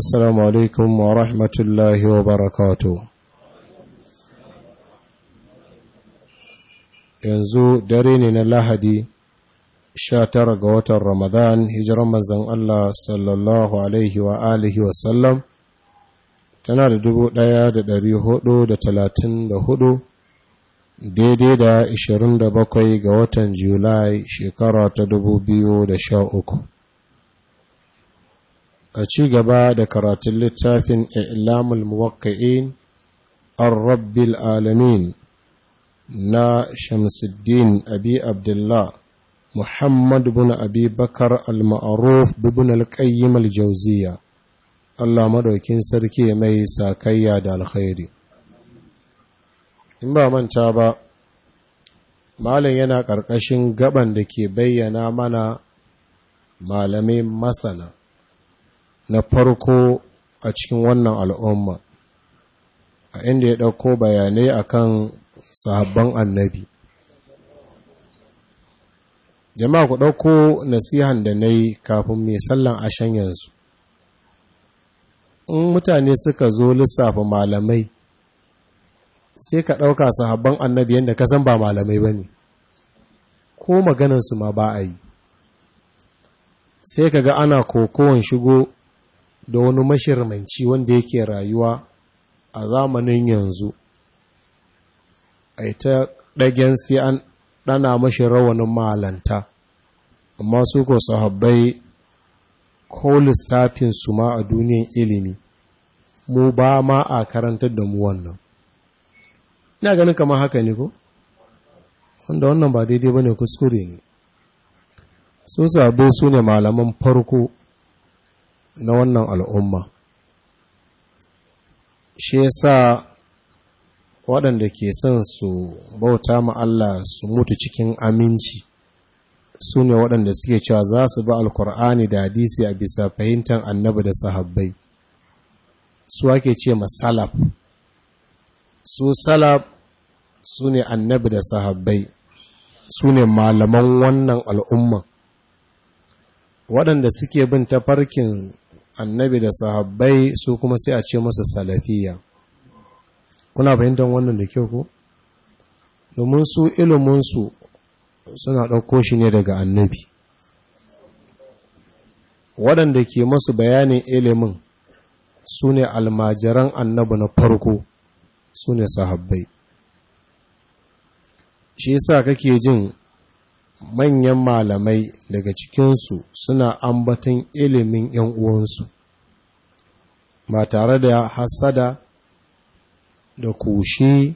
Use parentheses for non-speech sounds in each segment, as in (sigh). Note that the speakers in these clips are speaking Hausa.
السلام عليكم ورحمة الله وبركاته yanzu dare ne na lahadi tara ga watan ramadan hijiran mazan Allah sallallahu alaihi wa alihi wasallam tana da talatin 1434 daidai da da bakwai ga watan julai shekara ta dubu biyu da sha uku. a ci gaba da karatun littafin ilamul muwakka'in an rabbil alamin na shamsuddin abi abdullah muhammad bin abi bakar al-ma'aruf bin al-qayyim al-jauziya allah madaukin sarki mai sakayya da alkhairi in ba manta ba malin yana ƙarƙashin gaban da ke bayyana mana malamai masana na farko a cikin wannan al'umma a inda ya ɗauko bayanai akan sahabban annabi jama'a ku ɗauko nasihan da na yi kafin mai sallan ashen yanzu in mutane suka zo lissafa malamai sai ka ɗauka sahabban annabi yadda ka san ba malamai ba ne ko maganansu ma ba a yi sai ka ga ana kokowar shigo da wani mashirmanci wanda yake rayuwa a zamanin yanzu a ita ɗagen sai an ɗana mashi rawanin malanta amma su ko sahabbai ko lissafinsu ma a duniyan ilimi mu ba ma a karantar da mu wannan ina ganin kamar haka ne ko wanda wannan ba daidai ba ne kuskure ne su sabo su ne malaman farko na wannan al'umma shi sa waɗanda ke son su bauta ma Allah su mutu cikin aminci su ne waɗanda suke cewa za su ba alkur'ani da hadisi a bisa fahimtar annabi da sahabbai su ake ce ma salaf su salaf su ne annabi da sahabbai su ne malaman wannan al'umma waɗanda suke bin tafarkin annabi da sahabbai su kuma sai a ce masa salafiya kuna fahimtar wannan da kyau ku domin su iliminsu suna ɗauko shi ne daga annabi waɗanda ke masu bayanin ilimin su ne almajiran annabi na farko su ne sahabbai shi yasa kake jin manyan malamai daga cikinsu suna ambatan ilimin ‘yan uwansu, ba tare da hasada da kushe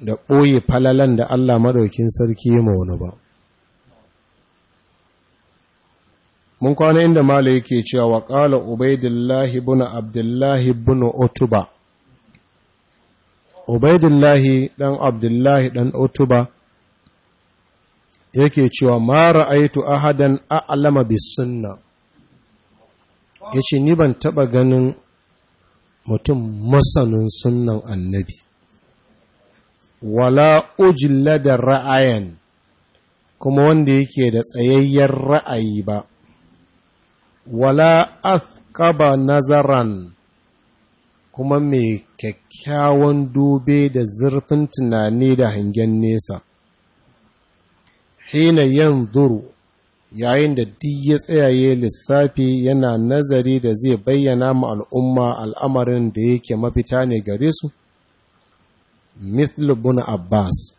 da ɓoye falalan da Allah maɗaukin sarki ya wani ba. Mun kwana inda Mala yake cewa wa ƙala Ubaidullahi buna Abdullahi buna Otuba. Ubaidullahi ɗan Abdullahi ɗan Otuba yake cewa ma ra'aitu ahadan a'lama bis sunna yace ni ban taba ganin mutum masanin sunnan annabi wala ujilla da ra'ayan kuma wanda yake da tsayayyen ra'ayi ba wala athqaba nazaran kuma mai kyakkyawan dobe da zurfin tunani da hangen nesa hina duru, yayin da duk ya tsayaye lissafi yana nazari da zai bayyana ma al'umma al'amarin da yake mafita ne gare su mithlubun abbas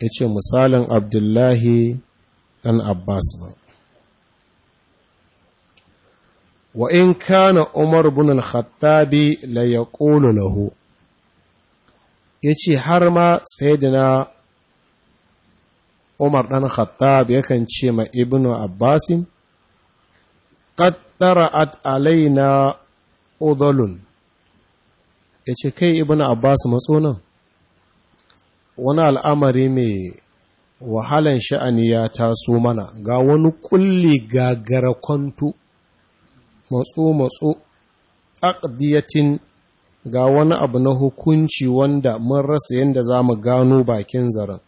ya ce misalin abdullahi ɗan abbas ba wa in kana umar bin al-khattabi la yaqulu lahu yace har ma sayyidina umar ɗan khattab yakan ce ma ibnu abbasin ƙattara'at alaina udalun ya ce kai ibnu abbas matso nan wani al'amari mai wahalan sha'ani ya taso mana ga wani kulli gagara kwantu matso-matso aqdiyatin ga wani abu na hukunci wanda mun rasa yadda za mu gano bakin zaren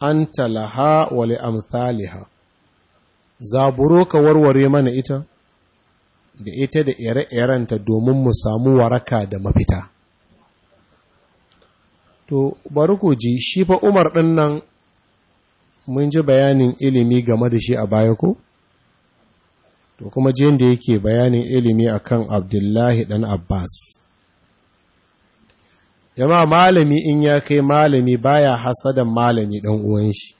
an talaha wa li'amthaliha zaburo ka warware mana ita da ita da ire-irenta domin mu samu waraka da mafita to bari ku ji shi fa umar ɗin nan mun ji bayanin ilimi game da shi a baya ko to kuma jiyan da yake bayanin ilimi akan abdullahi ɗan abbas jama malami in ya kai malami baya hasadan malami dan uwan shi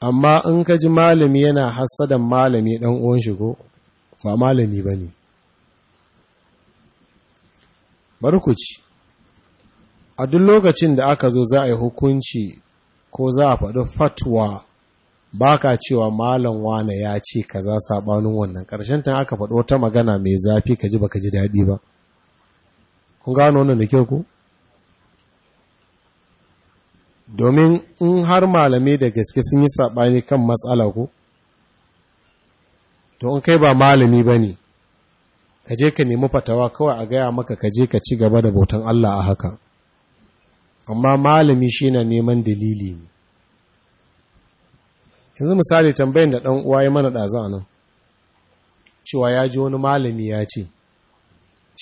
amma in ka ji malami yana hasadan malami dan uwan shi ko ba malami bane barkuci a duk lokacin da aka zo za a yi hukunci ko za a faɗi fatwa ba ka cewa malam wane ya ce kaza sabanin wannan ƙarshen ta aka faɗo wata magana mai zafi ka ji baka ji daɗi ba kun gano wannan da kyau ko domin in har malami da gaske sun yi saɓani kan matsala ko to in kai ba malami ba ne ka je ka nemi fatawa kawai a gaya maka ka je ka ci gaba da bautan Allah a haka amma malami shi na neman dalili ne yanzu misali tambayin da ɗan uwa ya mana ɗaza nan cewa ya ji wani malami ya ce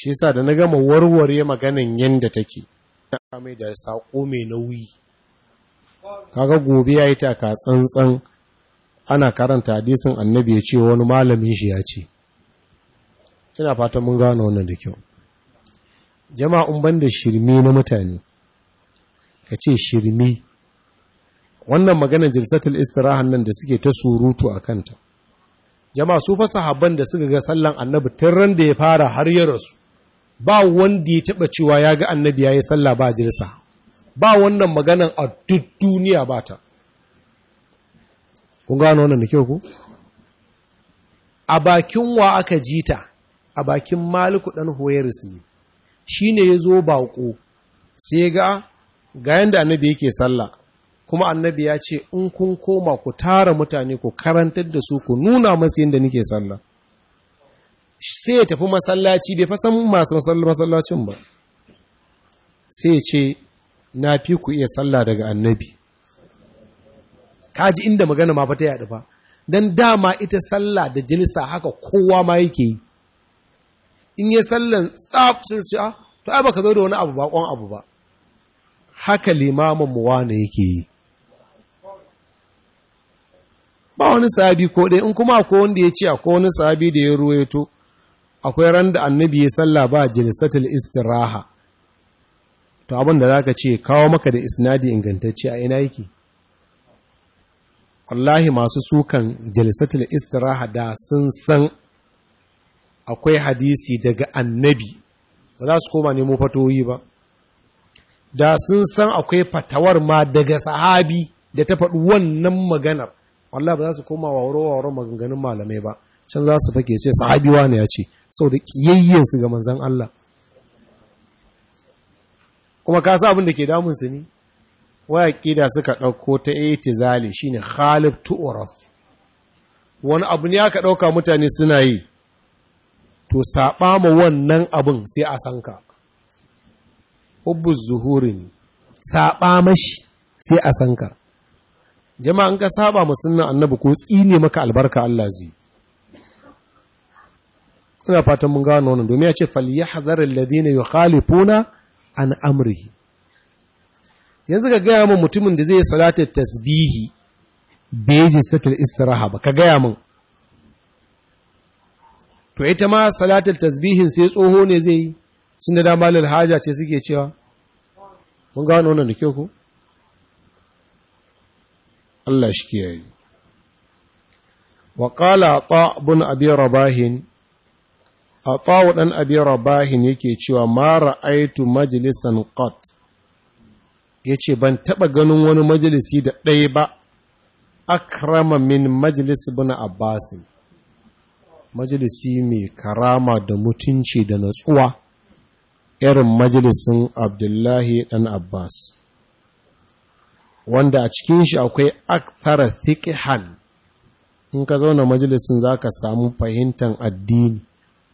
shi yasa da na gama warware maganan yanda take na mai da sako mai nauyi kaga gobe yayi ta ka tsantsan ana karanta hadisin annabi ya ce wani malamin shi ya ce ina fatan mun gano wannan da kyau jama'un ban da shirme na mutane ka ce shirme wannan magana jirsatul istirahan nan da suke ta surutu a kanta jama'a su fasa sahabban da suka ga sallan annabi tun ran da ya fara har ya rasu ba wanda ya taɓa cewa ya ga annabi ya yi sallah ba jirsa ba wannan maganan a duk duniya ba ta kun gano wannan da kyau ku a bakin wa aka jita, a bakin maliku ɗan hoyaris ne shi ne ya zo baƙo sai ga ga yadda annabi yake sallah kuma annabi ya ce in kun koma ku tara mutane ku karantar da su ku nuna masu yadda nake sallah sai ya tafi masallaci bai fasan masu masallacin ba sai ce na fi ku iya sallah daga annabi kaji inda magana ma fata yaɗu ba don dama ita sallah da jilisa haka kowa ma yake yi in yi sallan tsaf shi a ah, to ai baka zo da wani abu bakon abu ba haka limamin muwa ne yake yi ba wani sabi ko ɗaya in kuma ko wanda ya ce ko wani sabi da ya ruwa ruwaito akwai ran da annabi ya salla ba jilsatul istiraha to abin da zaka ce kawo maka da isnadi ingantacce a ina yake wallahi masu sukan jilsatul istiraha da sun san akwai hadisi daga annabi ba za su koma nemo fatoyi ba da sun san akwai fatawar ma daga sahabi da ta faɗi wannan maganar wallahi ba za su koma wa wuro maganganun malamai ba can za su fake ce sahabi wani ya ce saboda kiyayyensu ga manzan Allah kuma ka sa abin da ke damun su ne waya kida suka ɗauko ta shi ne khalif Tu'uraf. wani abu ne aka ɗauka mutane suna yi to saɓa ma wannan abin sai a san ka hubbu zuhuri ne saɓa mashi sai a san ka Jama'an ka saɓa ma annabi ko tsine maka albarka Allah zai ina fatan mun gano wannan domin ya ce falyahdhar alladhina yukhalifuna an amrihi yanzu ka gaya mun mutumin da zai yi salatar tasbihi bai ji satar istiraha ba ka gaya mun to ita ma salatar tasbihin sai tsoho ne zai yi sun da dama haja ce suke cewa mun gano wannan da kyau ko Allah shi kiyaye wa qala ta bin abi rabahin a tsawo ɗan abi rabahin yake cewa mara aitu majalisan Kot ya ce ban taɓa ganin wani majalisi da ɗaya ba akrama min majalis bin abbasin majalisi mai karama da mutunci da natsuwa irin majalisin abdullahi ɗan abbas wanda a cikin shi akwai aktara thiqhan in ka zauna majalisin zaka samu fahimtar addini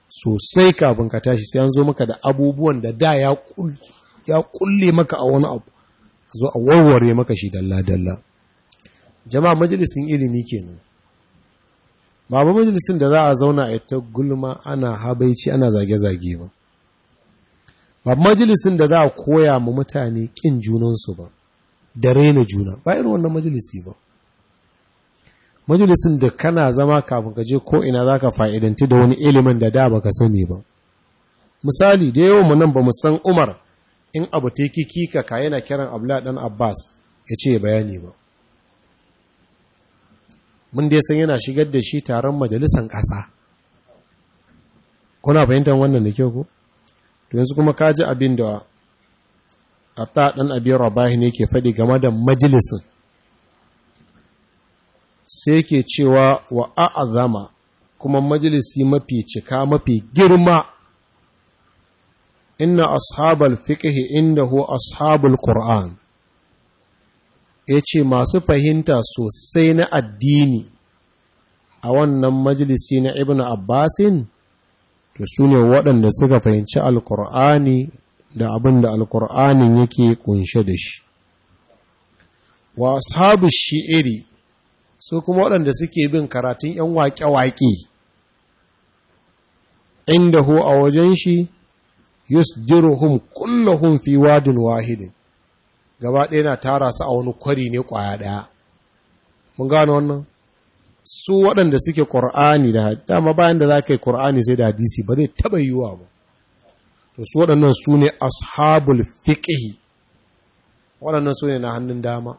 sosai kafin ka tashi sai an zo maka da abubuwan da da ya kulle maka a wani abu A zo a warware maka shi dalla-dalla jama'a majalisun ilimi kenan ba ba majalisun da za a zauna a ta gulma ana habaici ana zage-zage ba ba majalisun da za a koya ma mutane ƙin junansu ba da raina juna ba irin wannan majalisi ba majalisin da kana zama kafin ka je ko ina zaka fa'idanti da wani ilimin da da baka sani ba misali da yawan mu nan bamu san Umar in abu ta kikika ka yana kiran Abdullah dan Abbas yace bayani ba mun dai san yana shigar da shi taron majalisan ƙasa kuna fahimtar wannan da kyau ko to yanzu kuma kaji abin da a dan Abi Rabah ne ke faɗi game da majalisin sai ke cewa wa a'azama kuma majalisi mafi cika mafi girma inna ashabal fiqhi indahu ashabul qur'an yace masu fahimta sosai na addini a wannan majalisi na ibnu abbasin to sune waɗanda suka fahimci alqur'ani da abin da alqur'anin yake kunshe da shi wa ashabu shi'iri su kuma waɗanda suke bin karatun 'yan waƙe-waƙe inda hu a wajen shi yusdiruhum kullahum fi wadin wahidin gaba ɗaya na tara su a wani kwari ne ƙwaya ɗaya mun gano wannan su waɗanda suke ƙur'ani da dama bayan da za ka yi ƙur'ani sai da hadisi ba zai taɓa yiwuwa ba to su waɗannan su ne ashabul fiƙihi waɗannan su ne na hannun dama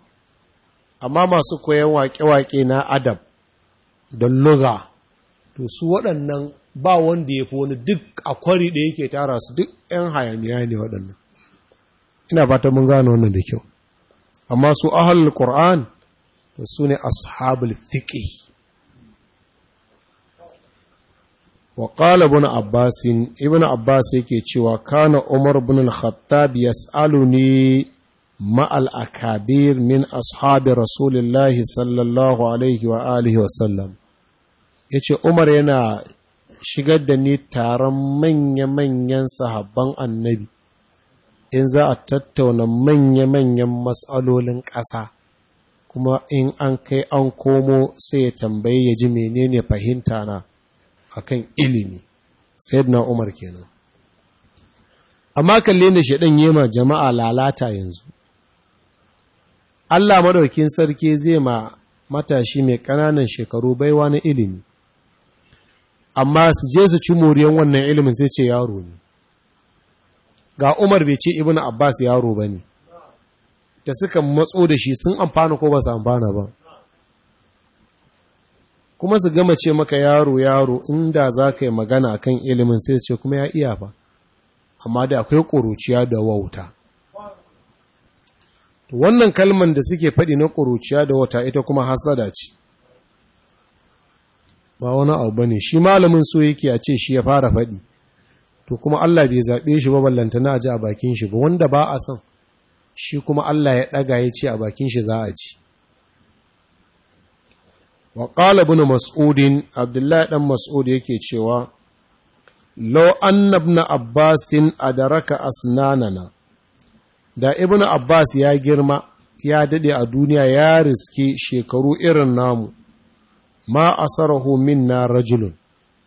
amma masu koyan waƙe-waƙe na adab don luga to su waɗannan ba wanda ya fi wani duk a kwari da yake tara su duk 'yan hayaniya ne waɗannan ina fata mun gano wannan da kyau amma su ahalul ƙur'ani to su ne ashabul fiƙi wa ƙala bin abbas ibn abbas yake cewa kana umar bin al-khattab yas'aluni ma'al a Kabir, min ashabi rasulillahi sallallahu alaihi wa alihi wasallam ya ce umar yana shigar da ni taron manya-manyan sahabban annabi in za a tattauna manya-manyan matsalolin ƙasa kuma in an kai an komo sai ya tambaye ya ji menene fahimta na akan ilimi sayyidina umar kenan amma kalle da shaɗan yema jama'a lalata yanzu Allah madaukin sarki zai ma matashi mai ƙananan shekaru baiwa na ilimi amma su je su ci moriyan wannan ilimin sai ce yaro ne ga Umar bai ce Ibn Abbas yaro ba ne. da suka matso da shi sun amfana ko ba su amfana ba kuma su gama ce maka yaro yaro inda za ka yi magana kan ilimin sai ce kuma ya iya fa amma da akwai ƙuruciya da wauta wannan kalman da suke faɗi na ƙuruciya da wata ita kuma hasada ce ba wani abu ba ne shi malamin so yake a ce shi ya fara faɗi to kuma Allah bai zaɓe shi ba ballanta na ji a bakin shi ba wanda ba a son shi kuma Allah ya ɗaga ya ce a bakin shi za a ci wa ƙala bin mas'udin abdullahi ɗan mas'ud yake cewa lau annabna abbasin adaraka asnanana da ibn abbas ya girma ya dade a duniya ya riske shekaru irin namu ma asarahu minna rajulun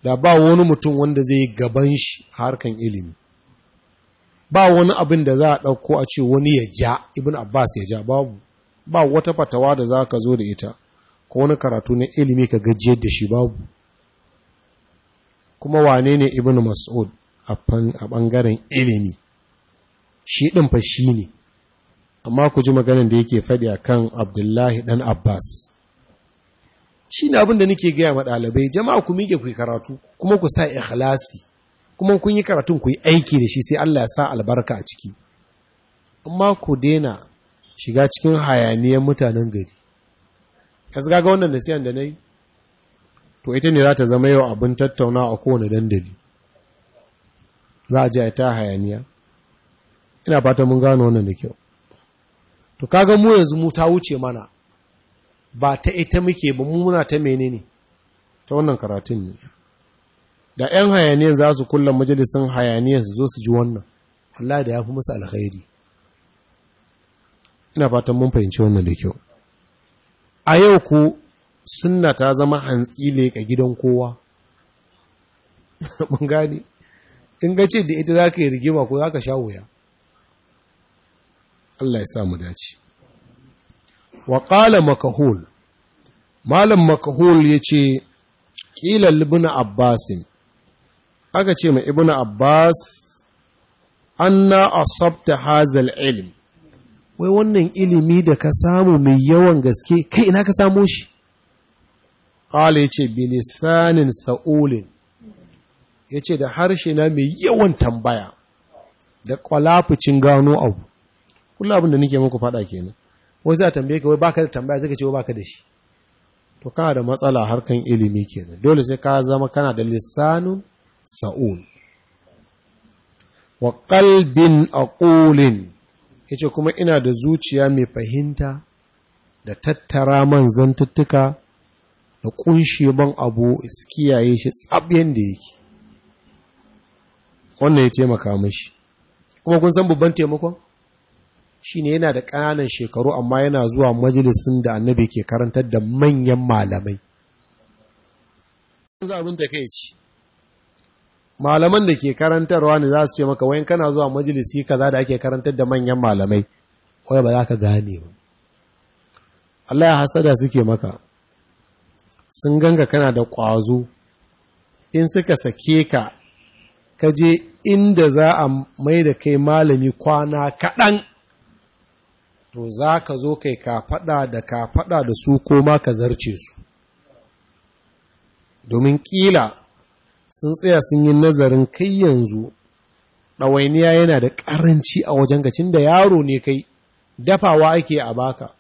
da ba wani mutum wanda zai gaban shi harkan ilimi ba wani abin da za a ɗauko a ce wani ya ja ibn abbas ya ja babu ba wata fatawa da za ka zo da ita ko wani karatu na ilimi ka gajiyar da shi babu kuma wane ne ibn mas'ud a bangaren ilimi shi ɗin fa shi ne amma ku ji maganin da yake faɗi a kan abdullahi ɗan abbas shi ne abin nake gaya ma ɗalibai jama'a ku miƙe ku yi karatu kuma ku sa ikhlasi kuma kun yi karatun ku yi aiki da shi sai allah ya sa albarka a ciki amma ku daina shiga cikin hayaniyar mutanen gari yanzu ga wannan nasiyan da na yi to ita ne za ta zama yau abin tattauna a kowane dandali za a ji a ta hayaniya ina fata mun gano wannan da kyau to kaga mu yanzu mu ta wuce mana ba ta ita muke ba mu muna ta menene ta wannan karatun ne da 'yan hayaniyan za su kulla majalisun hayaniyan su zo su ji wannan Allah da ya fi musu alkhairi ina fatan mun fahimci wannan da kyau a yau ku sunna ta zama hantsi leƙa gidan kowa (laughs) mun gane in ga ce da ita za ka yi rigima ko za ka sha wuya Allah ya sa mu dace wa qala makahul malam makahul yace qila ibn abbas aka ce ma ibn abbas anna asabta hazal ilm wai wannan ilimi da ka samu mai yawan gaske kai ina ka samo shi qala yace binisanin sa'ulin yace da harshe na mai yawan tambaya da kwalafucin gano abu kullum abin da nake muku faɗa kenan wai za a tambaye ka wai baka da tambaya zai ce wai baka da shi to kana da matsala harkan ilimi kenan dole sai ka zama kana da lissanun sa'un wa qalbin aqulin yace kuma ina da zuciya mai fahimta da tattara man zantuttuka da kunshe ban abu kiyaye shi tsabyen da yake wannan ya taimaka mashi kuma kun san babban taimakon shine yana da ƙananan shekaru amma yana zuwa majalisun da annabi ke karantar da manyan malamai za abin da kai ci malaman da ke karantarwa ne za su ce maka wayan kana zuwa majalisi kaza da ake karantar da manyan malamai wai ba za ka gane ba Allah ya hasada suke maka sun ganga kana da ƙwazo in suka sake ka ka je inda za a mai da kai malami kwana kaɗan to za ka zo kai kafaɗa da kafaɗa da su ko ma ka zarce su domin ƙila sun tsaya sun yi nazarin kai yanzu ɗawainiya yana da ƙaranci a wajen gacin da yaro ne kai dafawa ake a baka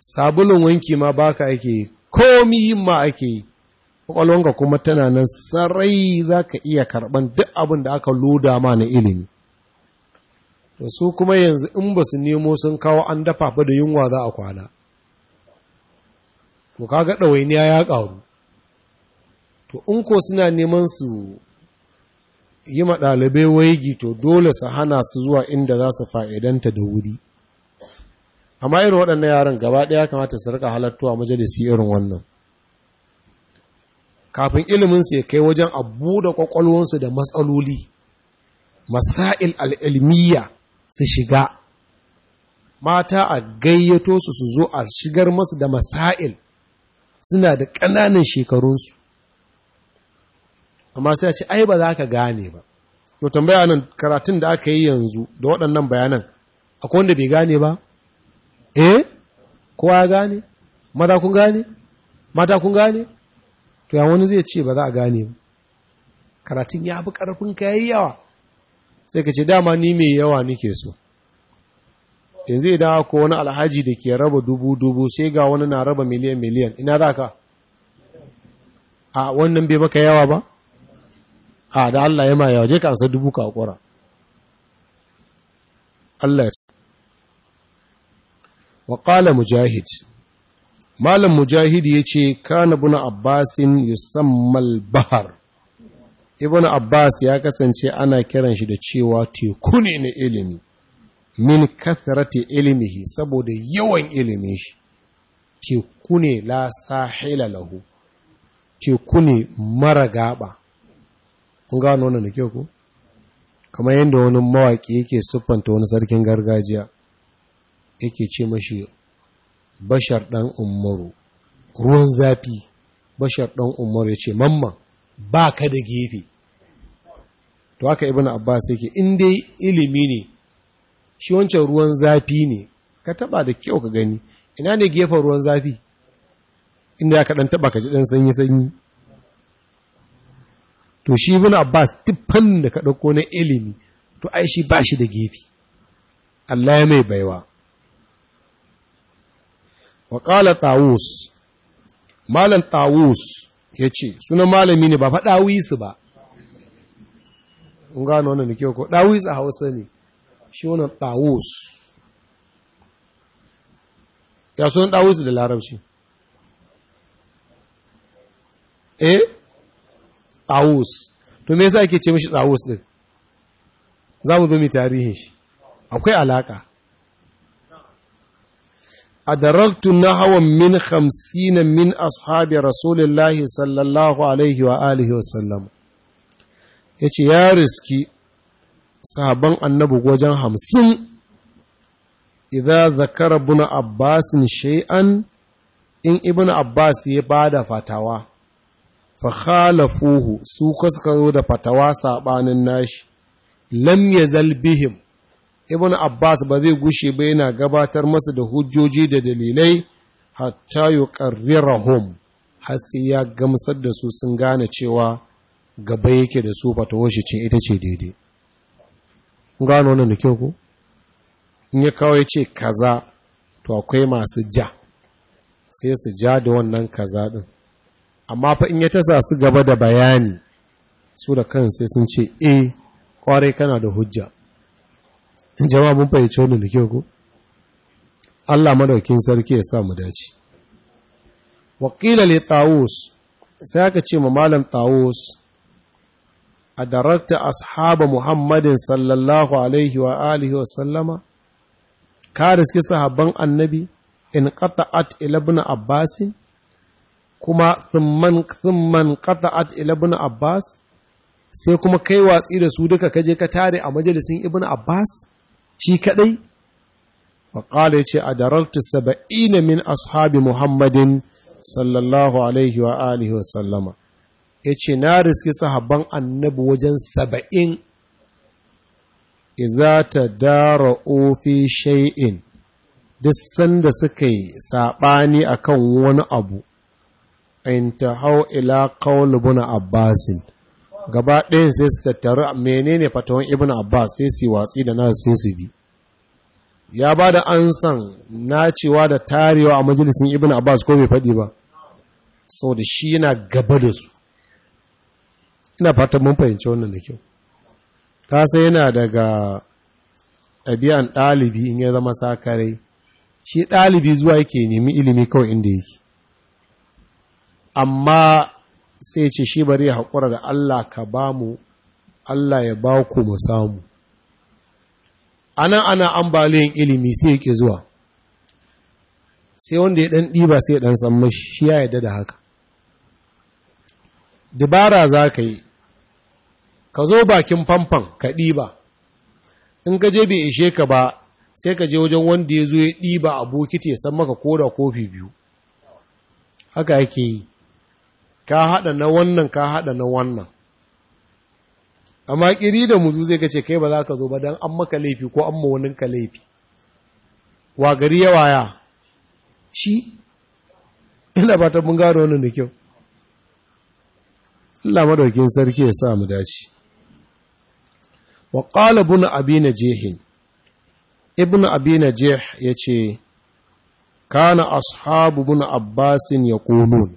sabulun wanki ma baka ake yi komi yin ma ake yi ƙwaƙwalwanka kuma tana nan sarai za ka iya karɓan duk abin da aka loda ma na ilimi Da su kuma yanzu in ba su nemo sun kawo an dafa ba da yunwa za a kwana to ga ɗawainiya ya ƙaru to in ko suna neman su yi ma ɗalibai waigi to dole su hana su zuwa inda za su fa'idanta da wuri amma irin waɗannan yaran gaba ɗaya kamata su rika halattuwa majalisi irin wannan kafin iliminsu ya kai wajen abu da ƙwaƙwalwansu da matsaloli masa'il al'ilmiya su shiga mata a gayyato su su zo a shigar masu da masail suna da ƙananan shekarunsu amma sai a ce ai ba za ka gane ba to tambaya nan karatun da aka yi yanzu da waɗannan bayanan akwai wanda bai gane ba eh kowa ya gane mata kun gane mata kun gane to ya wani zai ce ba za a gane ba karatun ya fi ƙarfin ka yi yawa sai ka ce dama ni mai yawa nike so yanzu idan ko wani alhaji da ke raba dubu-dubu sai ga wani na raba miliyan-miliyan ina za ka a wannan bai maka yawa ba a da Allah ya ma yawa je ka ansa dubu ka hakura Allah ya sa. qala mujahid malam mujahid ce kana ibn abbasin yusammal bahar ibn abbas ya kasance ana kiran shi da cewa teku ne na ilimi min kathrati ilmihi saboda yawan ilimin shi teku ne la sahila lahu teku ne mara gaba kun gano wannan da kyau ko kamar yadda wani mawaƙi yake siffanta wani sarkin gargajiya yake ce mashi bashar ɗan umaru ruwan zafi bashar ɗan umaru ya ce mamman ba ka da gefe to haka ibn abbas yake in dai ilimi ne shi wancan ruwan zafi ne ka taba da kyau ka gani ina ne gefen ruwan zafi inda ya kaɗan taba ka ji ɗan sanyi sanyi to shi ibn abbas tiffan da ka ɗauko na ilimi to ai shi bashi da gefi. Allah ya mai baiwa wa tawus malam tawus ce sunan malami ne ba faɗa su ba in gano wannan da kyau ko ɗawis a hausa ne shi wani ɗawus ya sun ɗawus da larabci eh ɗawus to me yasa ake ce mishi ɗawus ɗin za mu zo mai tarihin shi akwai alaka a daraktun na hawan min hamsinan min ashabi rasulullahi sallallahu alaihi wa alihi wasallama ya ce ya riski sabon annabi wajen hamsin idan zakara ibn abbasin shay'an in ibn abbas ya bada fatawa fa khalafuhu su suka da fatawa sabanin nashi lam yazal bihim ibn abbas ba zai gushe ba yana gabatar masa da hujjoji da dalilai hatta yuqarrirahum har sai ya gamsar da su sun gane cewa gaba yake da su fatawar shi cin ita ce daidai gano wannan da kyau ko in ya kawo ya ce kaza to akwai masu ja sai su ja da wannan kaza din amma fa in ya tasa su gaba da bayani su da kan sai sun ce eh kwarai kana da hujja in jama'a mun fahimci wannan da kyau ko Allah madaukin sarki ya sa mu dace Wakilali li tawus sai aka ce ma malam tawus a darakta ashaba muhammadin sallallahu alaihi wa alihi wa sallama ka suke sahabban annabi in qata'at ila ibn abbas kuma thumman thumman qata'at ila ibn abbas sai kuma kai watsi da su duka kaje ka tare a majalisin ibn abbas shi kadai wa qala yace adarartu 70 min ashabi muhammadin sallallahu alaihi wa alihi wa sallama ya ce na riski sahabban annabi wajen saba'in iza ta dara ofi shay'in duk sanda suka yi saɓani a kan wani abu in ta hau ila kawulubuna abbasin gaba ɗayan sai su tattaru menene fatawan ibn abbas sai su watsi da nasu sai su bi ya ba da ansan nacewa da tarewa a majalisin ibn abbas ko bai faɗi ba sau da shi yana gaba da su ina fatan mun fahimci wannan da kyau ta sai yana daga ɗabi'an ɗalibi in ya zama sakarai shi ɗalibi zuwa yake nemi ilimi kawai inda yake amma sai ce shi bari ya haƙura da Allah ka ba mu Allah ya ba ku mu samu ana ana ambaliyan ilimi sai yake zuwa sai wanda ya ɗan ɗiba sai ya ɗan san mashi shi ya yadda da haka dabara za ka yi ka zo bakin famfan ka ɗiba in ka je bai ishe ka ba sai ka je wajen wanda ya zo ya ɗiba a bokiti ya san maka koda kofi biyu haka yake yi ka haɗa na wannan ka haɗa na wannan amma ƙiri da muzu zai kace kai ba za ka zo ba don an maka laifi ko an mawanin ka laifi wa gari ya waya shi ina ba ta mun gano wannan da kyau Allah madaukin sarki ya sa mu dace wa ƙala bin abi na jehin ibn abi na jeh ya ce kana ashabu bin abbasin ya ƙunun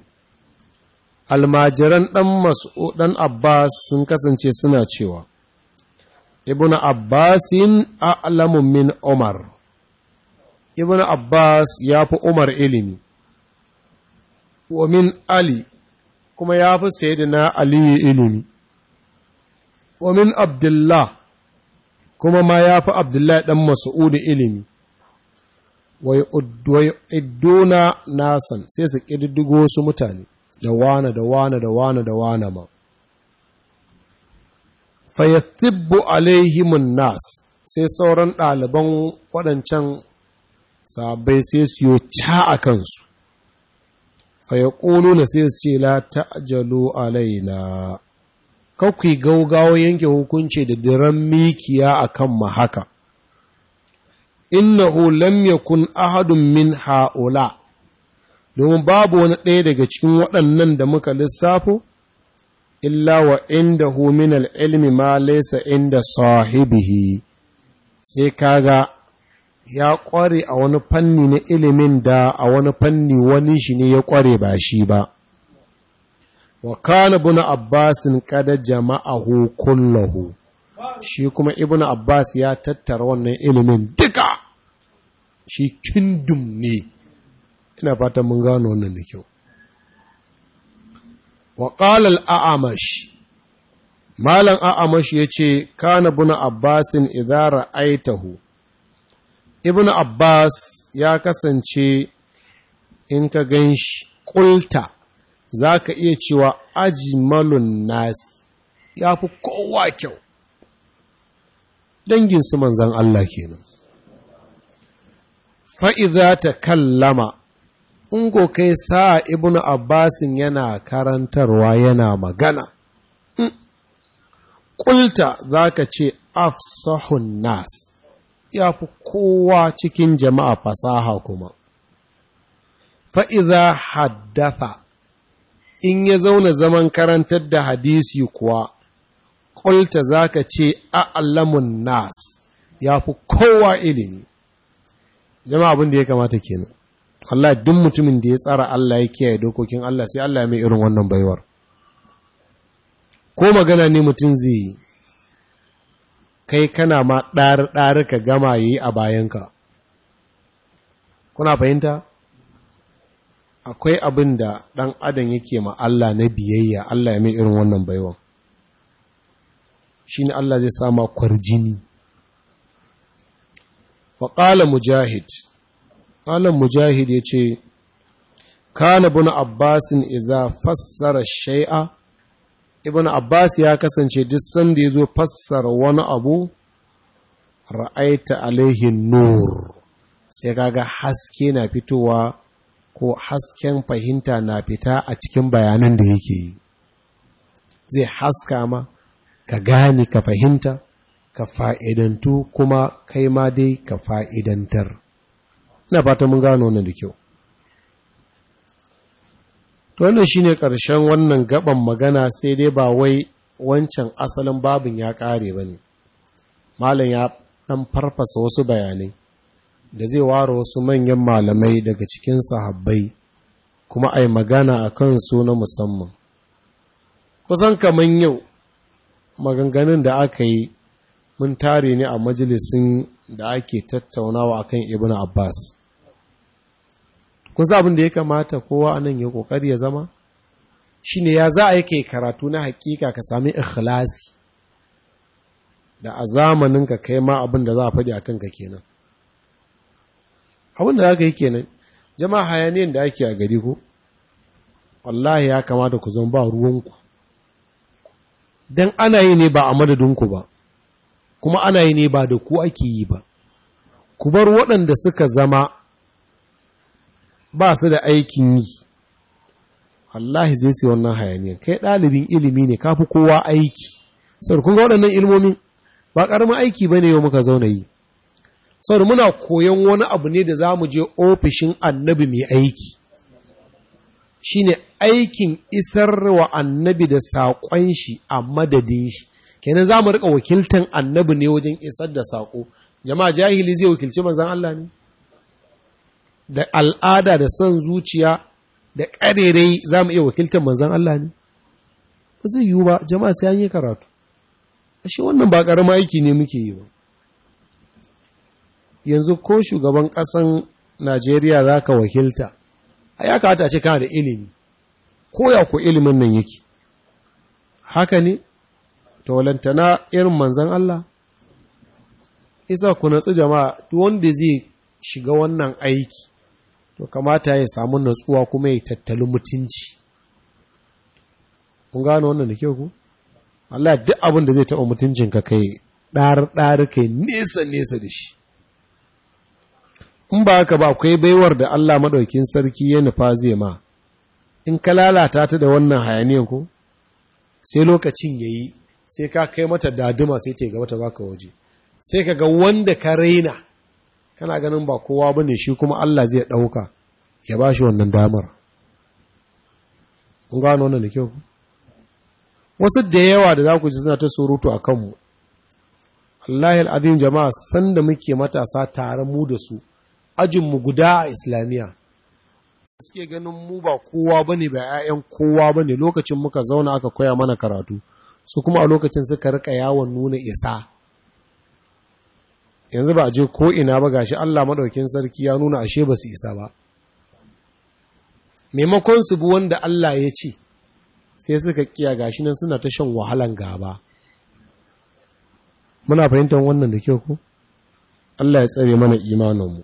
almajiran ɗan masu ɗan abbas sun kasance suna cewa ibn abbasin alamun min umar ibn abbas ya fi umar ilimi wa min ali kuma ya fi sayi na aliyu ilimi wa min abdullah kuma ma ya fi abdullahi ɗan masu'udu ilimi wai idduna nasan sai su ƙididdigo su mutane da wane da wane da wane da wane ma fayathibbu alaihimun nas sai sauran ɗaliban waɗancan sabai sai su yi ca a kansu fayaƙulu na sai su ce la ta'ajalu alaina kakwai gaugawa yanke hukunci da diran mikiya a kan mahaka innahu lam yakun ahadun min ha'ula domin babu wani ɗaya daga cikin waɗannan da muka lissafo illa wa inda min al'ilmi ma laisa inda sahibihi sai kaga ya ƙware a wani fanni na ilimin da a wani fanni wani shi ne ya ƙware ba shi ba wa kana ibn abbas kada jama'ahu kullahu shi kuma ibn abbas ya tattara wannan ilimin duka shi kindum ne ina fata mun gano wannan da kyau wa qala al-a'amash malam a'amash yace kana ibn abbas idza ra'aitahu ibn abbas ya kasance in ka ganshi qulta za ka iya cewa ajimalun nasi ya fi kowa kyau Dangin danginsu manzan Allah kenan fa'iza ta kallama in ko kai sa Ibnu abbasin yana karantarwa yana magana ƙulta hmm, za ka ce afsahun nas ya fi kowa cikin jama'a fasaha kuma fa'iza haddatha in ya zauna zaman karantar da hadisi kuwa ƙulta za ka ce aallamun nas ya fi kowa ilimi jama abin da ya kamata kenan Allah duk mutumin da ya tsara Allah ya kiyaye dokokin Allah sai Allah ya mai irin wannan baiwar ko magana ne mutum zai yi kai kana ma ɗari-ɗari ka gama yi a bayanka kuna fahimta akwai abin da ɗan adam yake ma Allah na biyayya Allah ya mai irin wannan baiwan shi ne Allah zai sama kwarjini wa ƙala mujahid ƙalan mujahid ya ce kana bin abbasin iza fassara shai'a ibn abbas ya kasance duk sanda ya zo fassara wani abu ra'aita alaihin nur sai kaga haske na fitowa ko hasken fahimta na fita a cikin bayanan da yake yi zai haska ma ka gane ka fahimta ka fa'idantu kuma kai ma dai ka fa'idantar ina fata mun gano wannan da kyau to wannan shine ƙarshen wannan gaban magana sai dai ba wai wancan asalin babin ya ƙare ba ne malam ya ɗan farfasa wasu bayanai da zai ware wasu manyan malamai daga cikin sahabbai kuma ai magana a kansu na musamman kusan kamar yau maganganun da aka yi mun tare ne a majalisin da ake tattaunawa a kan ibn abbas kun abin da ya kamata kowa a nan ya kokari ya zama shi ne ya za a yi karatu na hakika ka sami ikhlasi da a zamanin ka kai ma abin da za a faɗi a kanka kenan abin da zaka yi kenan jama'a hayaniyan da ake a gari ko wallahi ya kamata ku zan ba ruwanku don ana yi ne ba a madadinku ba kuma ana yi ne ba da ku ake yi ba ku bar waɗanda suka zama ba su da aikin yi wallahi zai sai wannan hayaniyan kai ɗalibin ilimi ne kafi kowa aiki sau kun ga waɗannan ilmomin ba ƙaramin aiki ba ne yau muka zauna yi saboda muna koyon wani abu ne da za mu je ofishin annabi mai aiki shine aikin isar wa annabi da saƙon shi a madadin shi kenan za mu riƙa wakiltan annabi ne wajen isar da saƙo jama'a jahili zai wakilci manzan Allah ne da al'ada da son zuciya da ƙarerai za mu iya wakiltan manzan Allah ne ba zai yiwu ba jama'a sai an yi karatu ashe wannan ba ƙarama aiki ne muke yi ba yanzu ko shugaban ƙasan najeriya za ka wakilta a ya kata ce kana da ilimi ko ya ku ilimin nan yake haka ne tawalantana irin manzan Allah isa ku natsu jama'a duk wanda zai shiga wannan aiki to kamata ya samu natsuwa kuma ya tattali mutunci kun gano wannan da kyau ku Allah duk abin da zai taɓa mutuncinka kai ɗar-ɗar kai nesa-nesa da shi in ba haka ba akwai baiwar da Allah maɗaukin sarki ya nufa zai ma in ka lalata ta da wannan hayaniyan ko sai lokacin ya yi sai ka kai mata daduma sai ta gaba ta baka waje sai ka ga wanda ka raina kana ganin ba kowa ba ne shi kuma Allah zai ɗauka ya ba shi wannan damar kun gano wannan da kyau wasu da yawa da za ku ji suna ta surutu a kanmu Allahil jama'a sanda muke matasa tare mu da su ajinmu guda a islamiyya suke ganin mu ba kowa ba ne ba 'ya'yan kowa ba ne lokacin muka zauna aka koya mana karatu su kuma a lokacin suka rika yawon nuna isa yanzu ba a je ko'ina ba gashi Allah maɗaukin sarki ya nuna ashe ba su isa ba maimakon su bi wanda Allah ya ce sai suka kiya gashi nan suna ta shan wahalan gaba muna fahimtar wannan da kyau ku Allah ya tsare mana imaninmu